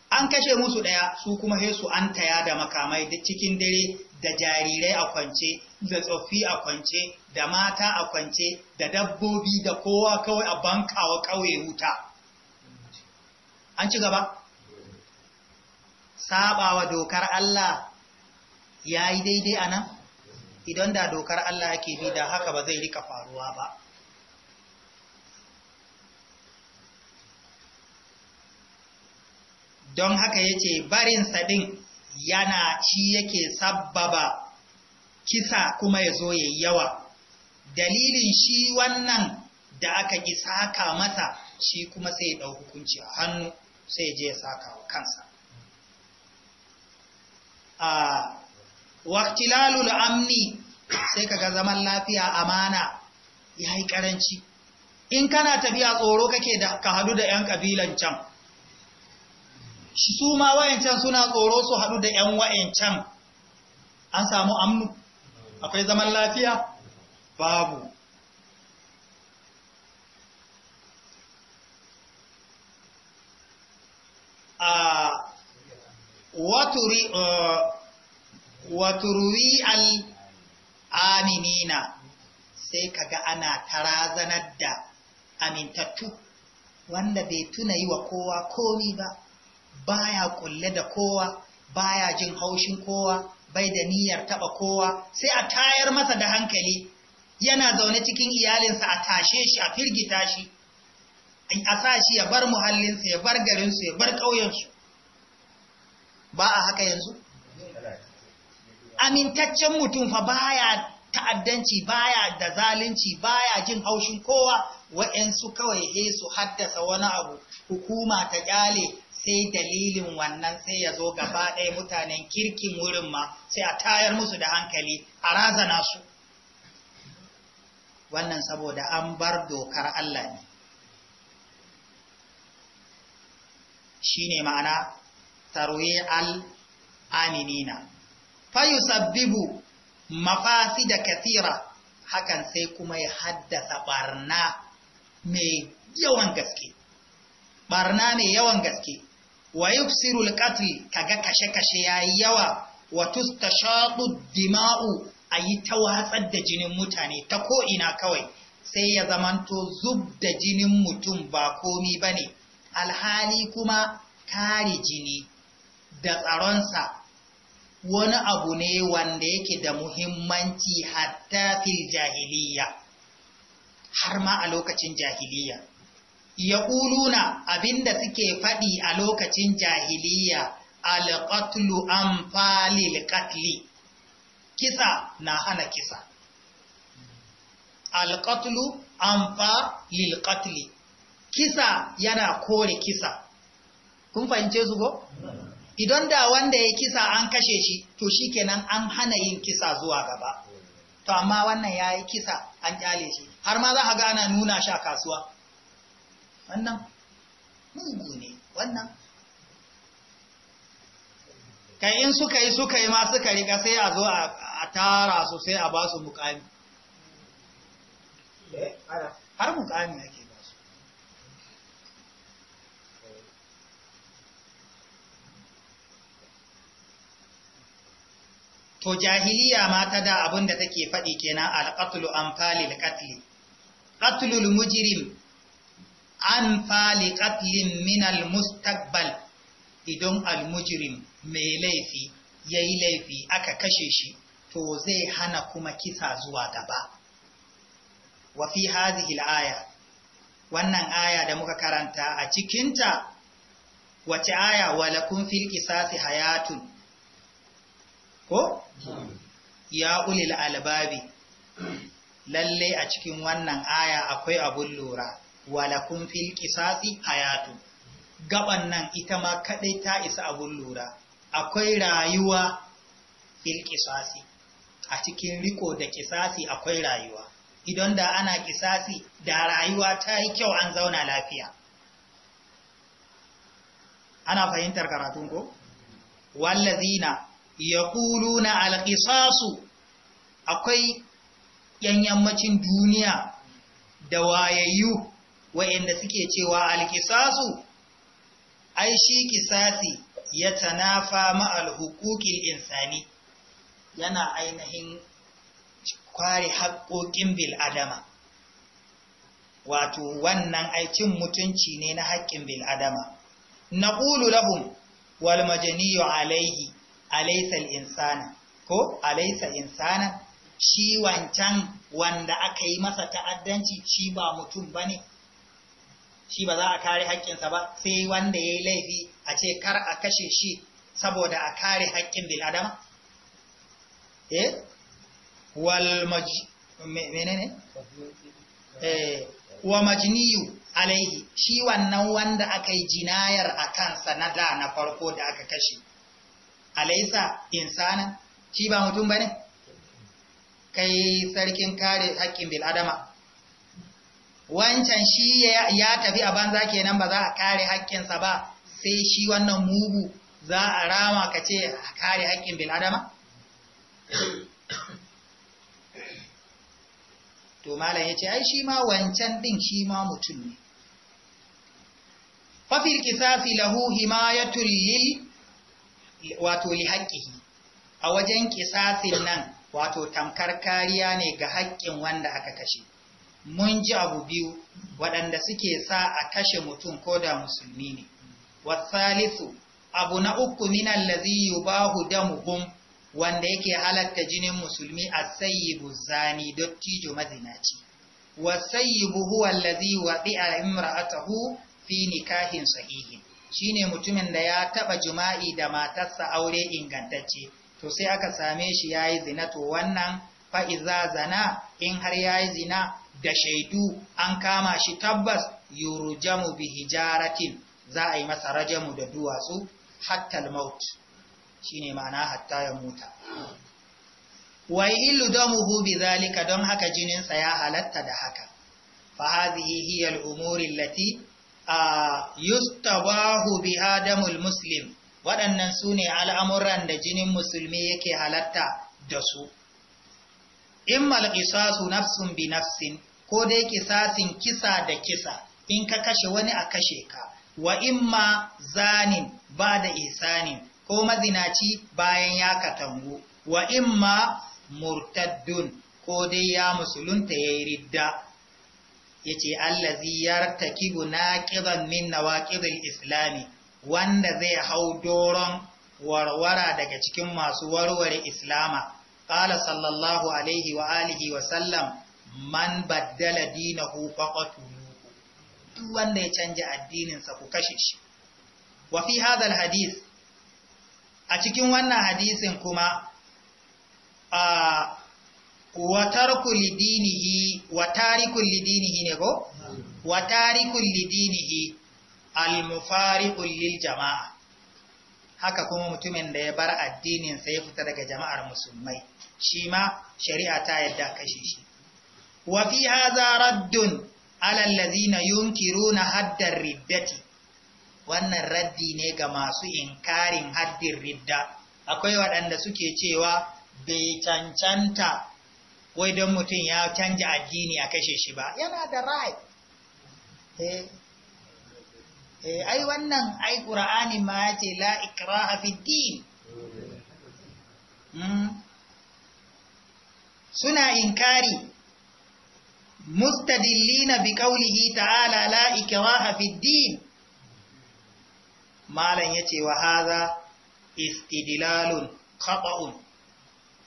an kashe musu ɗaya su kuma sai su an taya da makamai da cikin dare da jarirai a kwance da tsoffi a kwance da mata a kwance da dabbobi da kowa kawai a bankawa ƙauye wuta an ci gaba sabawa dokar Allah ya yi daidai a nan idan da dokar Allah ake bi da haka ba zai rika faruwa ba don haka yace barin sadin yana shi yake sabbaba kisa kuma ya zo yayi yawa dalilin shi wannan da aka ƙi saka masa shi kuma sai ya ɗau hukunci a hannu sai ya je ya saka kansa a waktilalul amni sai kaga zaman lafiya amana yayi karanci in kana tafiya tsoro kake da ka hadu da yan kabilan can su ma wayancan suna tsoro su hadu da yan wayancan an samu amnu akwai zaman lafiya babu a waturi al'aminina sai kaga ana tarazanar da amintattu wanda bai tuna yi wa kowa komi ba baya kulle da kowa baya jin haushin kowa bai da niyyar taba kowa sai a tayar masa da hankali yana zaune cikin iyalinsa a tashe shi a firgita shi a sa shi ya bar muhallinsa ya bar garinsu ya bar ƙauyensu ba a haka yanzu amintaccen mutum fa baya ta'addanci baya da zalunci baya jin haushin kowa wa'yansu kawai he su haddasa wani abu hukuma ta kyale sai dalilin wannan sai ya zo gaba ɗaya mutanen kirkin wurin ma sai a tayar musu da hankali a razana su wannan saboda an bar dokar Allah ne shi ma'ana tarwi al-aminina mafasi da kathira hakan sai kuma ya haddasa barna mai yawan gaske barna mai yawan gaske wa yufsiru al-qatl kaga kashe-kashe yayi yawa wa shaɗu dima'u ayi ta watsar da jinin mutane ta ko'ina kawai sai ya zamanto zub da jinin mutum ba komi bane alhali kuma kare jini da tsaronsa wani abu ne wanda yake da muhimmanci hatta fil jahiliya har ma a lokacin jahiliya ya ƙuluna abinda suke faɗi a lokacin jahiliya alƙatlu an falil ƙatli kisa na hana kisa alƙatlu an falil ƙatli kisa yana kore kisa kun fahimce su go? idan da wanda ya kisa an kashe shi to shikenan an hana yin kisa zuwa gaba to amma wannan ya yi kisa an kyale shi har ma za a gana nuna sha kasuwa wannan mugu ne wannan kai in suka yi suka yi ma suka sai a zo a tara su sai a ba su mukami eh, har mukami ake to jahiliya ma ta da abin da take faɗi kenan alƙatulu an fali alƙatli ƙatulul mujirim an fali ƙatlin minal mustaqbal idan almujirim mai laifi ya yi laifi aka kashe shi to zai hana kuma kisa zuwa gaba wa fi hadhihi aya wannan aya da muka karanta a cikinta wace aya walakun fil qisasi hayatun ko ya ulil albabi Lallai a cikin wannan aya akwai abun lura walakun fil qisasi hayatu gaban nan ita ma kadai ta isa abun lura akwai rayuwa fil qisasi a cikin riko da kisasi akwai rayuwa idan da ana kisasi da rayuwa ta yi kyau an zauna lafiya ana fahimtar karatun ko wallazina yaquluna alqisasu akwai yan yammacin duniya da wayayyu wa'anda suke cewa alqisasu ai shi kisasi ya tanafa ma huquqil insani yana ainihin kware haƙoƙin bil adama wato wannan aikin mutunci ne na haƙƙin bil adama naqulu lahum wal majaniyu alaihi alaisal insana ko alaisa insana shi wancan wanda aka yi masa ta'addanci shi ba mutum ba ne shi ba za a kare haƙƙinsa ba sai wanda ya yi laifi a ce kar a kashe shi saboda a kare haƙƙin bil'adama eh wal menene eh wa majniyu alaihi shi wannan wanda aka yi jinayar a kansa na da na farko da aka kashe alaisa insana shi ba mutum ba ne? kai sarkin kare haƙƙin bil'adama wancan shi ya tafi a banza kenan ba za a kare haƙƙinsa ba sai shi wannan mugu za a rama ka ce a kare haƙƙin bil'adama? to malam ya ce ai shi ma wancan ɗin shi ma mutum ne fafil kisafi lahu himayatul lil wato li haƙƙihi a wajen kisasin nan wato tamkar kariya ne ga haƙƙin wanda aka kashe mun ji abu biyu waɗanda suke sa a kashe mutum ko da musulmi ne wasalisu abu na uku min allazi yubahu damuhum wanda yake halatta jinin musulmi a sayyibu zani dattijo mazinaci wasayyibu huwa allazi wadi'a imra'atahu fi nikahin sahihin shine mutumin da ya taba jima'i da matarsa aure ingantacce to sai aka same shi yayi zina to wannan fa iza zana in har yayi zina da shaidu an kama shi tabbas yurjamu bi hijaratin za a yi masa rajamu da duwatsu hatta al-maut shine ma'ana hatta ya muta wa illu damuhu bi zalika don haka jinin sa ya halatta da haka fa hadhihi hiya al-umuri allati a yustabahu bi adamul muslim waɗannan su ne al'amuran da jinin musulmi yake halatta da su in malƙisasu nafsun bi nafsin ko dai kisasin kisa da kisa in ka kashe wani a kashe ka wa imma zanin ba da isanin ko mazinaci bayan ya katangu wa imma murtaddun ko dai ya musulunta ya yi ridda yace allazi na naqidan min nawaqidil islami wanda zai hau doron warwara daga cikin masu warware islama qala sallallahu alaihi wa alihi wa sallam man baddala dinahu faqatuluhu duk wanda ya canja addininsa ku kashe shi wa fi hadal hadith a cikin wannan hadisin kuma a wa tarku ne ko jama'a haka kuma mutumin da ya bar addinin sa ya fita daga jama'ar musulmai shi ma shari'a ta yadda kashe shi wa fi hadha raddun ala allazina yunkiruna haddar riddati wannan raddi ne ga masu inkarin haddin ridda akwai waɗanda suke cewa bai cancanta wai don mutum ya canja addini a kashe shi ba yana da rai. eh eh ai wannan ai qur'ani ma yace la ikraha fi din mm. suna inkari mustadillina bi qawlihi ta'ala la ikraha din malan yace wa hadha istidlalun khata'un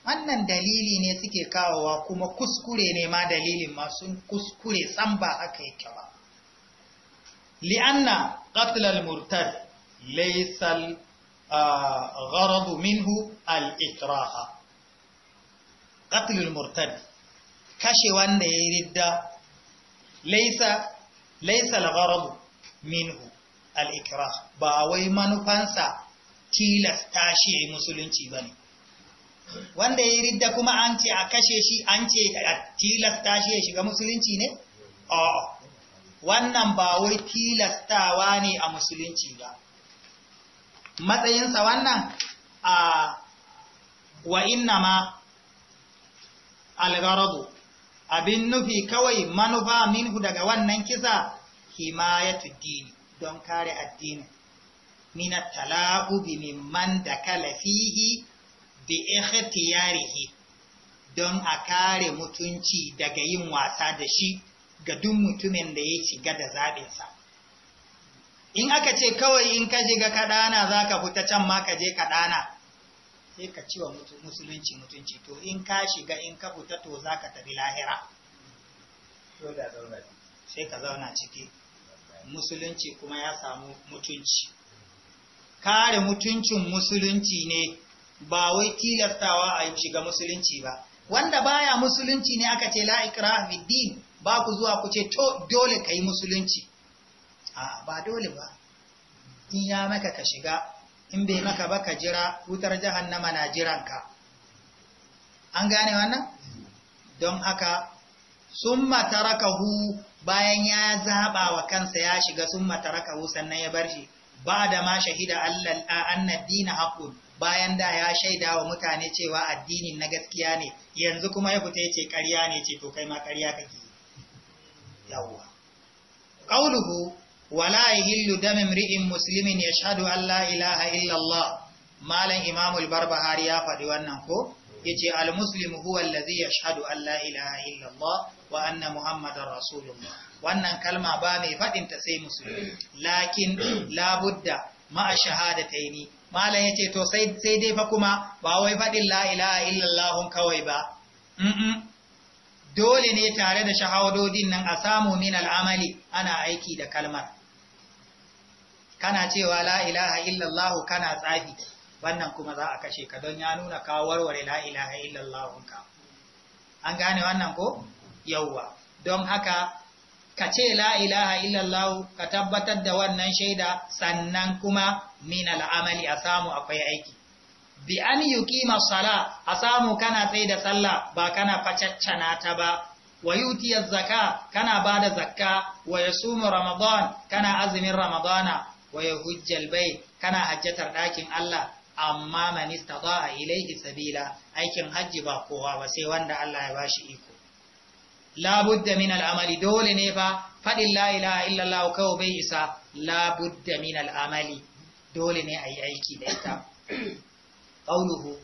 wannan dalili ne suke kawowa kuma kuskure ne ma dalilin masu kuskure san ba haka yake ba li'anna qatl al-murtad laysa al minhu al-ikraha murtad kashe wanda yayi ridda laysa laysa al minhu al-ikraha ba wai manufansa tilasta shi musulunci bane wanda ya ridda kuma an ce a kashe shi an ce a tilasta shi ya shiga musulunci ne? wannan ba wai tilastawa ne a musulunci ba matsayinsa wannan a wa inna ma algarabu abin nufi kawai manufa minhu daga wannan kisa himayatu dini don kare addini ubi tala'ubi man da kalafihi bi ikhtiyarihi don a kare mutunci daga yin wasa da shi ga duk mutumin da ya shiga da zaɓinsa. In aka ce kawai in ka shiga kaɗana za ka fita can ma ka je kaɗana, sai ka ciwa musulunci mutunci to in ka shiga in ka fita to za ka bi lahira. Sai ka zauna ciki, musulunci kuma ya samu mutunci. Kare mutuncin musulunci ne ba wai tilastawa a shiga musulunci ba wanda baya musulunci ne aka ce la'ikira ikraha ba ku zuwa ku ce to dole yi musulunci a ba dole ba in ya maka ka shiga in bai maka ba ka jira wutar jahannama na jiranka an gane wannan don haka summa hu bayan ya zaba wa kansa ya shiga summa hu sannan ya bar shi ba da ma shahida annad dina haqqun bayan da ya shaida wa mutane cewa addinin na gaskiya ne yanzu kuma ya fita yace ƙarya ne ce to kai ma ƙarya kake yawwa qauluhu wala yahillu damu imri'in muslimin yashhadu an la ilaha illa Allah malam Imam al-Barbahari ya faɗi wannan ko yace al-muslimu huwa allazi yashhadu an la ilaha illa Allah wa anna muhammadar rasulullah wannan kalma ba mai faɗin ta sai musulmi lakin labudda ma'a shahadataini malam ce to sai sai dai fa kuma ba wai faɗin la ilaha kawai ba dole ne tare da shahadodin nan a samu min al'amali ana aiki da kalmar kana cewa la ilaha kana tsafi wannan kuma za a kashe ka don ya nuna ka warware la ilaha ka an gane wannan ko yawwa don haka ka ce la ilaha illallah ka tabbatar da wannan shaida sannan kuma min al'amali a samu akwai aiki bi an yuqima sala a samu kana tsaye da sallah ba kana facaccana ta ba wa yutiya zakka kana da zakka wa yasumu ramadan kana azumin ramadana wa yahujjal bai kana hajjatar ɗakin Allah amma man istata ilayhi sabila aikin hajji ba kowa ba sai wanda Allah ya bashi iko labudda min al'amali dole ne fa faɗin la ilaha illallah kawai bai isa labudda min al'amali dole ne a yi aiki da ita ƙauluhu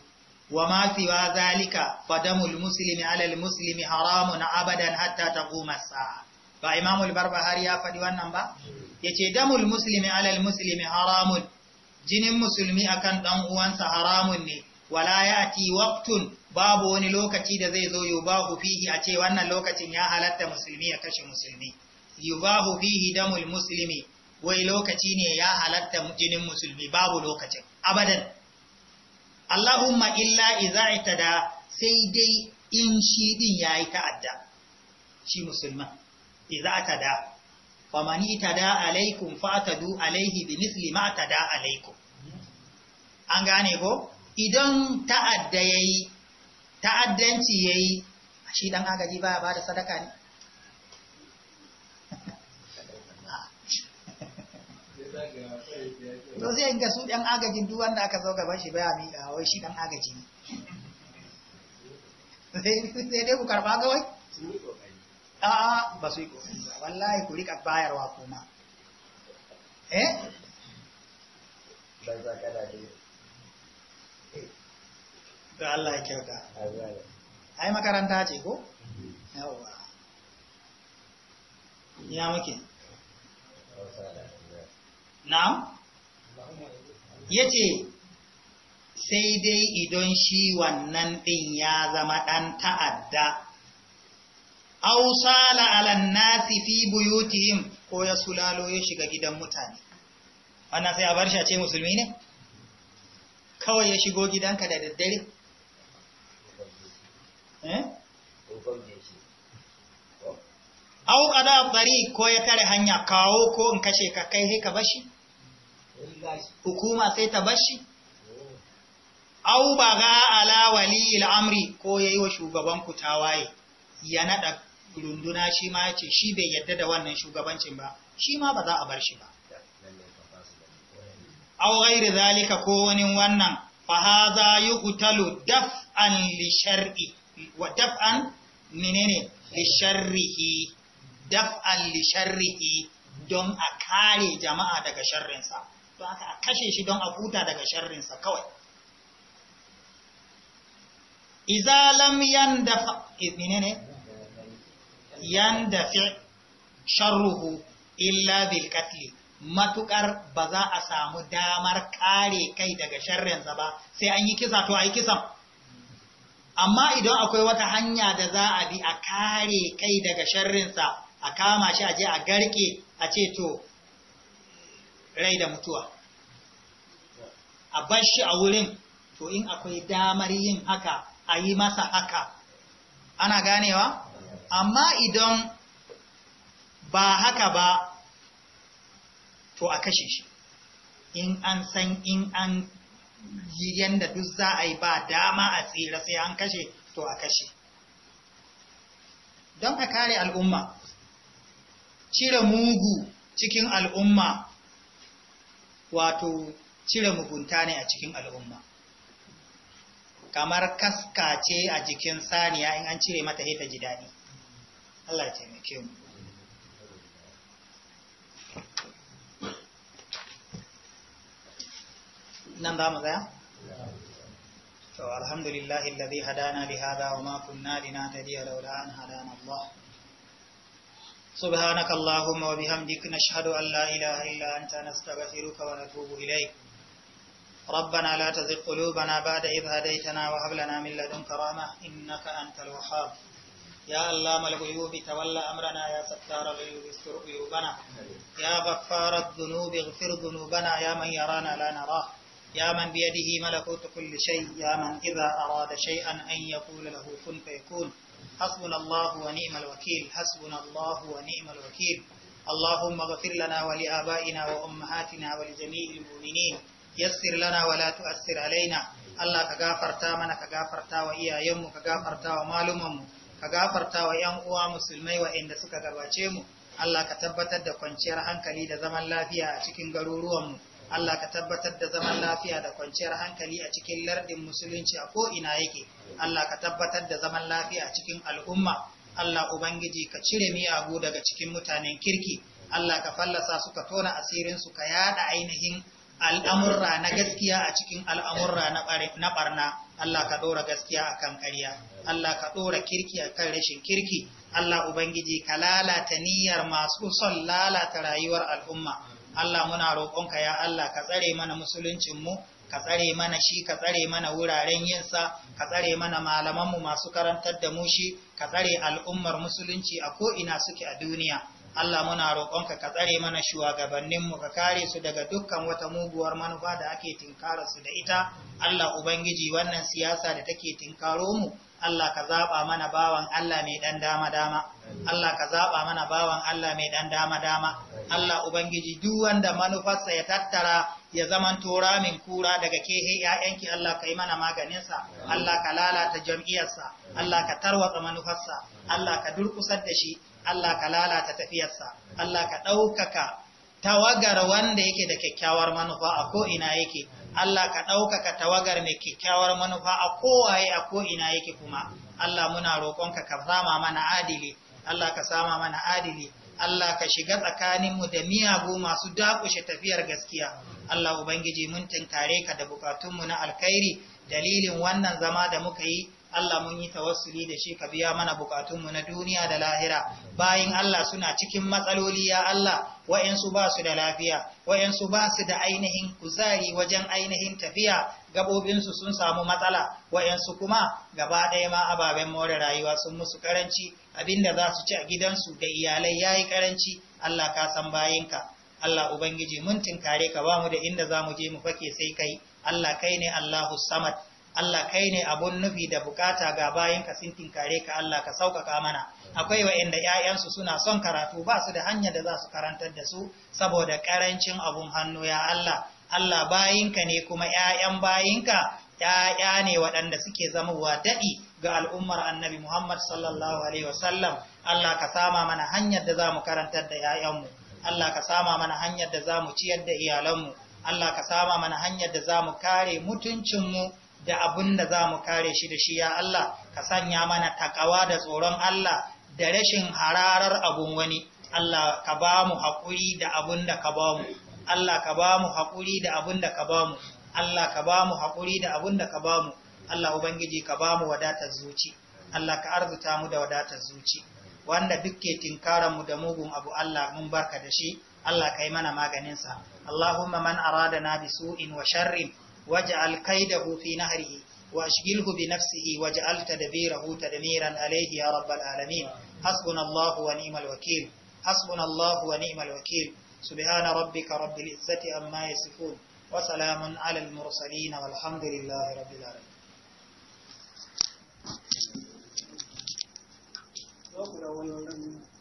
wa ma siwa zalika fadamul muslimi alal musulmi haramun abadan hatta ta sa'a ba imamul har ya faɗi wannan ba yace damul muslimi alal muslimi haramun jinin musulmi akan ɗan uwansa haramun ne wala yati waktun babu wani lokaci da zai zo yubahu fihi a ce wannan lokacin ya halatta musulmi ya kashe musulmi yubahu fihi damul muslimi wai lokaci ne ya halatta jinin musulmi babu lokacin abadan Allahumma illa idza itada sai dai in shi din yayi ta'adda shi musulman idza atada faman itada alaikum fatadu alaihi misli ma atada alaikum an gane ko idan ta'adda yayi ta'addanci ya yi a shi ɗan agaji ba ba da sadaka ne (laughs) to zai ga su ɗan agajin duk wanda aka zo gaban shi baya miƙa wai shi ɗan agaji ne zai (laughs) dai ku karɓa gawai a ba su yi ƙoƙari ba wallahi ku riƙa bayarwa kuma eh ba za ka da da Allah ya kyauta ai makaranta ce ko mm-hmm. Yawwa. Ya muke Ya ce, sai dai idan shi wannan ɗin ya zama ɗan ta'adda, au sala alan nasi fi buyutihim ko ya sulalo ya shiga gidan mutane. Wannan sai a bar shi a ce musulmi ne? Kawai ya shigo gidanka da daddare? Eh? au kada bari ko ya tare hanya kawo ko in kashe ka kai sai ka bashi hukuma sai ta bashi eh. au ga ala waliyil amri ko yayi wa shugaban ku tawaye ya naɗa runduna shi ma ce shi bai yadda da wannan shugabancin ba shi ma ba za a bar shi ba Au ghairi zalika ko wani wannan fa hadha yuqtalu daf'an li shar'i wa daf'an menene li sharrihi daf'an li sharrihi don a kare jama'a daga sharrinsa don haka a kashe shi don a huta daga sharrinsa kawai iza lam yandafa eh, menene yandafi sharruhu illa bil qatli matukar ba za a samu damar kare kai daga sharrinsa ba sai an yi kisa to yi kisan amma idan akwai wata hanya da za a bi a kare kai daga sharrinsa a kama shi a je a garke a ce to rai da mutuwa a bar shi a wurin to in akwai damar yin haka a yi masa haka ana ganewa amma idan ba haka ba to a kashe shi in an san in an yanda duk za a yi ba dama a tsira sai an kashe to a kashe don a kare al'umma cire mugu cikin al'umma wato cire mugunta ne a cikin al'umma kamar kaskace a jikin saniya in an cire mata hita ji daɗi Allah ya taimake mu نندام زيا So, الحمد لله الذي هدانا لهذا وما كنا لنهتدي لولا أن هدانا الله سبحانك اللهم وبحمدك نشهد أن لا إله إلا أنت نستغفرك ونتوب إليك ربنا لا تزغ قلوبنا بعد إذ هديتنا وهب لنا من لدنك رحمة إنك أنت الوهاب يا علام الغيوب تولى أمرنا يا ستار الغيوب استر غيوبنا يا غفار الذنوب اغفر ذنوبنا يا من يرانا لا نراه يا من بيده ملكوت كل شيء يا من إذا أراد شيئا أن يقول له كن فيكون حسبنا الله ونعم الوكيل حسبنا الله ونعم الوكيل اللهم اغفر لنا ولآبائنا وأمهاتنا ولجميع المؤمنين يسر لنا ولا تؤثر علينا الله كغافرتا منا كغافرتا وإيايمو كغافرتا ومالوممو كغافرتا وينقوا مسلمي وإن سكا غباچيمو Allah ka tabbatar da kwanciyar hankali da zaman lafiya a cikin garuruwanmu Allah ka tabbatar da zaman lafiya da kwanciyar hankali a cikin lardin musulunci a ko ko'ina yake, Allah ka tabbatar da zaman lafiya a cikin al'umma, Allah Ubangiji ka cire miyagu daga cikin mutanen kirki, Allah ka fallasa su ka tona asirinsu ka yada ainihin al'amurra na gaskiya a cikin al'amurra na barna, Allah ka ɗora gaskiya a kan ƙarya, Allah ka ɗora kirki a kan rashin kirki, Allah Ubangiji ka lalata niyyar masu son lalata rayuwar al'umma. Allah muna roƙonka ya Allah ka tsare mana musuluncinmu ka tsare mana shi ka tsare mana wuraren yinsa ka tsare mana malamanmu masu karantar da mu shi ka tsare al'ummar musulunci a ko'ina suke a duniya Allah muna roƙonka ka tsare mana shugabanninmu ka kare su daga dukkan wata muguwar manufa da ake tinkara su da ita Allah ubangiji wannan siyasa da take tinkaro mu Allah ka zaɓa mana bawan Allah mai ɗan dama-dama, Allah ka zaɓa mana bawan Allah mai ɗan dama-dama, Allah Ubangiji duk wanda manufarsa ya tattara ya zaman tora min kura daga he ‘ya'yanki Allah ka yi mana maganinsa, Allah ka lalata jam'iyyarsa, Allah ka tarwatsa manufarsa, Allah ka durkusar da shi, Allah ka lalata tafiyarsa, Allah ka ɗaukaka tawagar wanda yake da kyakkyawar manufa a ko'ina yake, Allah ka ɗaukaka tawagar mai kyakkyawar manufa a kowaye a ko'ina yake kuma, Allah muna roƙonka ka zama mana adili, Allah ka sama mana adili, Allah ka shiga tsakaninmu da miyagu masu dakushe tafiyar gaskiya, Allah Ubangiji mun tinkare ka da bukatunmu na alkhairi. dalilin wannan zama da muka yi Allah mun yi tawassuli da shi ka biya mana bukatunmu na duniya da lahira bayin Allah suna cikin matsaloli ya Allah wa'yansu ba su da lafiya wa'yansu ba su da ainihin kuzari wajen ainihin tafiya gabobinsu sun samu matsala wa'yansu kuma gaba ɗaya ma ababen more rayuwa sun musu karanci abinda za su ci a gidansu da iyalai ya yi karanci Allah ka san bayinka Allah Ubangiji mun tinkare ka ba mu da inda za mu je mu fake sai kai Allah kai ne Allahu samad Allah kai ne abun nufi da bukata ga bayan ka sun tinkare ka Allah ka sauƙaƙa mana akwai wa'anda ƴaƴansu suna son karatu ba su da hanyar da za su karantar da su saboda karancin abun hannu ya Allah Allah bayinka ne kuma ƴaƴan bayinka ‘ya'ya ne waɗanda suke zamowa daɗi ga al'ummar annabi Muhammad sallallahu Alaihi wasallam, Allah ka sama mana hanyar da za mu karantar da ‘ya'yanmu, Allah ka sama mana hanyar da za mu ciyar da iyalanmu, Allah ka sama mana hanyar da za mu kare mutuncinmu da abin da za mu kare shi da shi ya Allah ka sanya mana takawa da tsoron Allah da rashin hararar abun wani Allah ka ba mu haƙuri da abin da ka ba mu Allah ka ba mu haƙuri da abin da ka ba mu Allah ka ba mu haƙuri da abin da ka ba mu Allah ubangiji ka ba mu wadatar zuci Allah ka arzuta mu da wadatar zuci wanda duk ke tinkaran mu da mugun abu Allah mun barka da shi Allah ka yi mana maganinsa اللهم من أرادنا بسوء وشر واجعل كيده في نهره وأشغله بنفسه واجعل تدبيره تدميرا عليه يا رب العالمين حسبنا الله ونعم الوكيل حسبنا الله ونعم الوكيل سبحان ربك رب العزة عما يصفون وسلام على المرسلين والحمد لله رب العالمين Thank